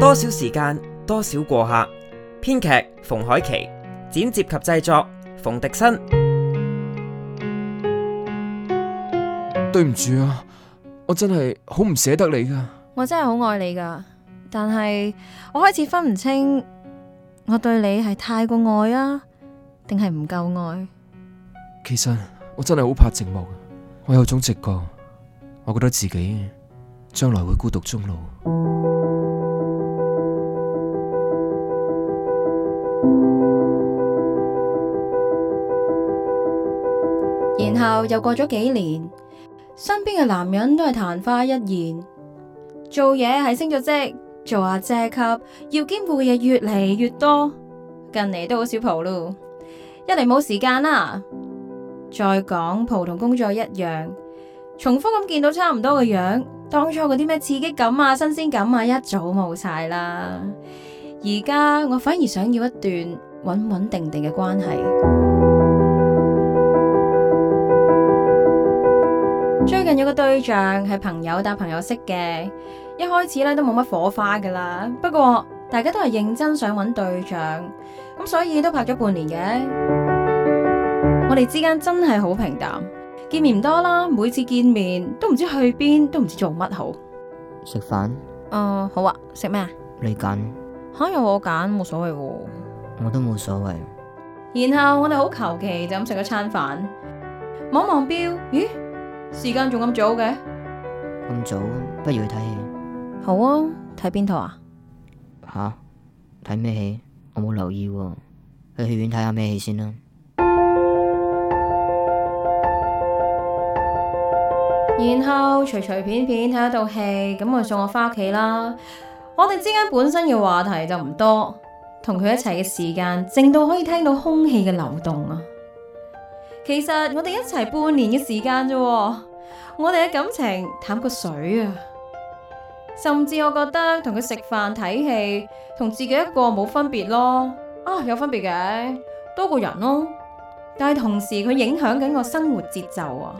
多少時間，多少過客。編劇馮海琪，剪接及製作馮迪新。對唔住啊，我真係好唔捨得你㗎。我真係好愛你㗎，但係我開始分唔清，我對你係太過愛啊，定係唔夠愛？其實我真係好怕寂寞，我有種直覺，我覺得自己將來會孤獨終老。然後又過咗幾年，身邊嘅男人都係曇花一現。做嘢係升咗職，做阿姐級，要兼顧嘅嘢越嚟越多，近嚟都好少蒲咯。一嚟冇時間啦，再講蒲同工作一樣，重複咁見到差唔多嘅樣，當初嗰啲咩刺激感啊、新鮮感啊，一早冇晒啦。而家我反而想要一段穩穩定定嘅關係。最近有個對象係朋友，搭朋友識嘅，一開始咧都冇乜火花噶啦。不過大家都係認真想揾對象，咁、嗯、所以都拍咗半年嘅。 我哋之間真係好平淡，見面唔多啦。每次見面都唔知去邊，都唔知,都唔知做乜好。食飯飯？誒、呃，好啊，食咩啊？你揀可有我揀冇所謂、啊。我都冇所謂。然後我哋好求其就咁食咗餐飯，望望表，咦？時間仲咁早嘅，咁早，不如去睇戲。好啊，睇邊套啊？吓、啊，睇咩戲？我冇留意喎、啊。去戲院睇下咩戲先啦、啊。然後隨隨便便睇一套戲，咁啊送我翻屋企啦。我哋之間本身嘅話題就唔多，同佢一齊嘅時間，靜到可以聽到空氣嘅流動啊。其實我哋一齊半年嘅時間啫。我哋嘅感情淡過水啊，甚至我覺得同佢食飯睇戲，同自己一個冇分別咯。啊，有分別嘅，多個人咯。但係同時佢影響緊我生活節奏啊。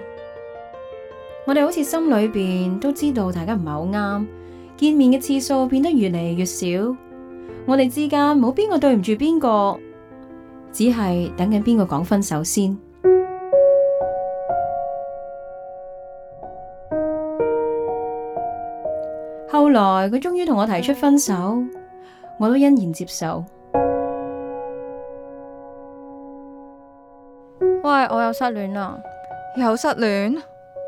我哋好似心裏邊都知道大家唔係好啱，見面嘅次數變得越嚟越少。我哋之間冇邊個對唔住邊個，只係等緊邊個講分手先。後來佢終於同我提出分手，我都欣然接受。喂，我又失戀啦，又失戀，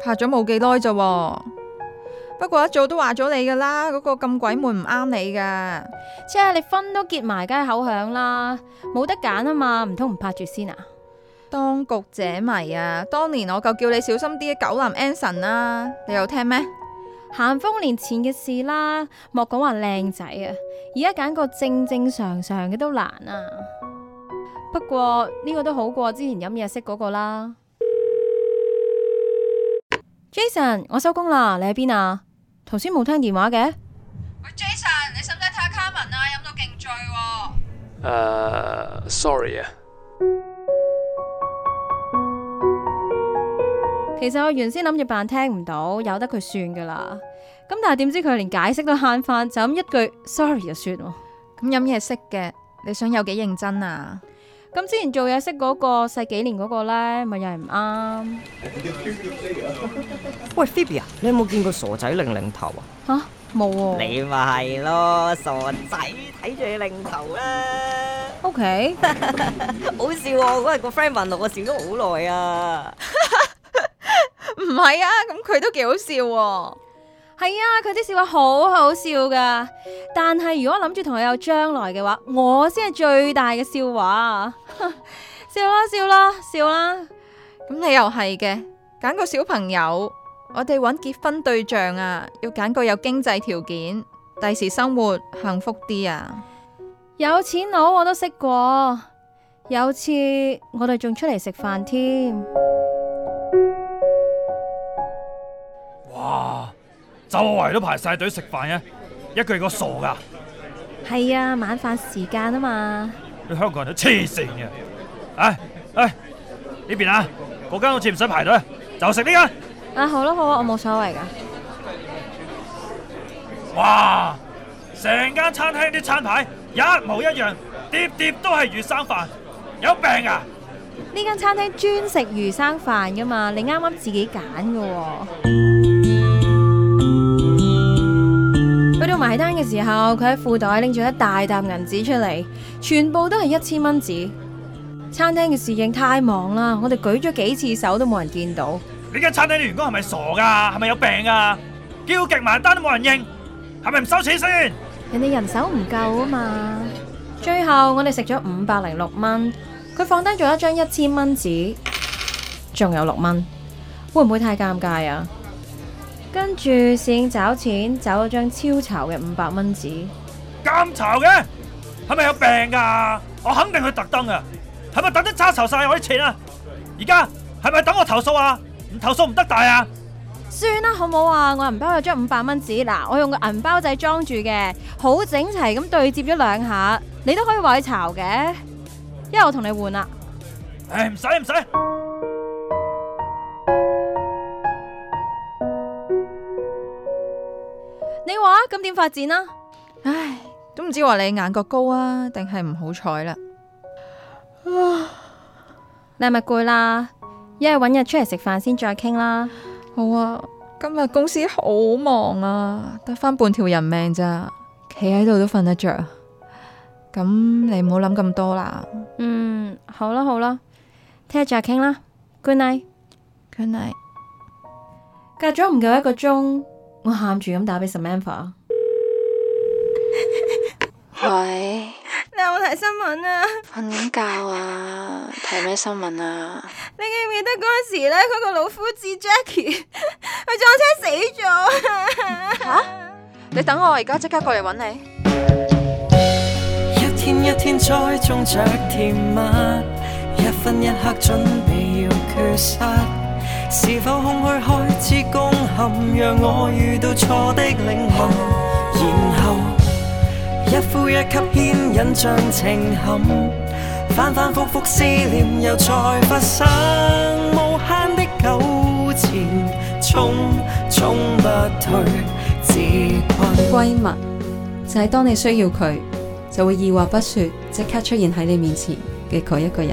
拍咗冇幾耐咋？不過一早都話咗你噶啦，嗰個咁鬼悶唔啱你噶，即係你婚都結埋，梗係口響啦，冇得揀啊嘛，唔通唔拍住先啊？當局者迷啊，當年我夠叫你小心啲嘅狗男 Enson 啦，你有聽咩？咸豐年前嘅事啦，莫講話靚仔啊，而家揀個正正常常嘅都難啊。不過呢個都好過之前飲嘢識嗰個啦。 Jason，我收工啦，你喺邊啊？頭先冇聽電話嘅。喂，Jason，你使唔使睇下卡文啊？飲到勁醉喎。誒，sorry 啊。Uh, sorry. 其實我原先諗住扮聽唔到，由得佢算噶啦。咁但係點知佢連解釋都慳翻，就咁一句 sorry 就算喎。咁飲嘢識嘅，你想有幾認真啊？咁之前做嘢識嗰個細幾年嗰個咧，咪又係唔啱。喂，菲比啊，你有冇見過傻仔擰擰頭啊？吓，冇。你咪係咯，傻仔睇住你擰頭啦。O K，好笑喎，嗰日個 friend 問我笑咗好耐啊。唔係啊，咁佢都幾好笑喎，哦。係啊，佢啲笑話好好笑噶。但係如果諗住同佢有將來嘅話，我先係最大嘅笑話。笑啦笑啦笑啦！咁你又係嘅，揀個小朋友，我哋搵結婚對象啊，要揀個有經濟條件，第時生活幸福啲啊！有錢佬我都識過，有次我哋仲出嚟食飯添。周圍都排晒隊食飯嘅，一句個傻噶。係啊，晚飯時間啊嘛。你香港人都痴線嘅。唉，哎，呢邊啊，嗰間好似唔使排隊，就食呢間。啊好啦，好啦，我冇所謂噶。哇，成間餐廳啲餐牌一模一樣，碟碟都係魚生飯，有病啊！呢間餐廳專食魚生飯噶嘛，你啱啱自己揀噶喎。埋單嘅時候，佢喺褲袋拎住一大沓銀紙出嚟，全部都係一千蚊紙。餐廳嘅侍應太忙啦，我哋舉咗幾次手都冇人見到。你間餐廳嘅員工係咪傻噶，啊？係咪有病啊？叫極埋單都冇人應，係咪唔收錢先？人哋人手唔夠啊嘛。最後我哋食咗五百零六蚊，佢放低咗一張一千蚊紙，仲有六蚊，會唔會太尷尬啊？跟住先找錢，找咗張超巢嘅五百蚊紙，咁巢嘅係咪有病噶、啊？我肯定佢特登嘅，係咪特登揸巢晒我啲錢啊？而家係咪等我投訴啊？唔投訴唔得大啊？算啦，好唔好啊？我銀包有張五百蚊紙，嗱，我用個銀包仔裝住嘅，好整齊咁對接咗兩下，你都可以話佢巢嘅，因為我同你換啦。唉、哎，唔使唔使。你話咁點發展啊？唉，都唔知話你眼角高啊，定係唔好彩啦。你係咪攰啦，一係搵日出嚟食飯先再傾啦。好啊，今日公司好忙啊，得返半條人命咋，企喺度都瞓得着。咁你唔好諗咁多啦。嗯，好啦好啦，聽日再傾啦。Good night，Good night。Good night. 隔咗唔夠一個鐘。我喊住咁打俾 Samantha。喂，你有冇睇新聞啊？瞓緊覺啊？睇咩 新聞啊？你記唔記得嗰陣時咧，嗰個老夫子 Jackie，佢撞車死咗。吓、 啊！你等我，而家即刻過嚟揾你。一天一天栽種着甜蜜，一分一刻準備要缺失。是否空虛開始攻陷，讓我遇到錯的領悟？然後一呼一吸牽引像情陷，反反覆覆思念又再發生無限的糾纏，沖沖不退自困。閨蜜就係、是、當你需要佢，就會二話不說即刻出現喺你面前嘅嗰一個人。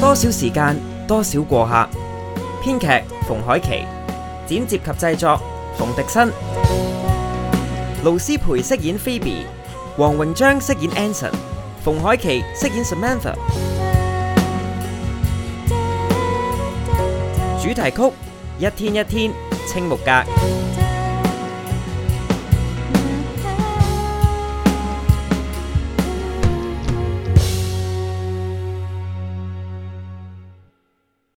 多少時間，多少過客？編劇馮海琪，剪接及製作馮迪辛。盧思培飾演 Phoebe，黃榮章飾演 Anson，馮海琪飾演 Samantha。主題曲《一天一天》，青木格。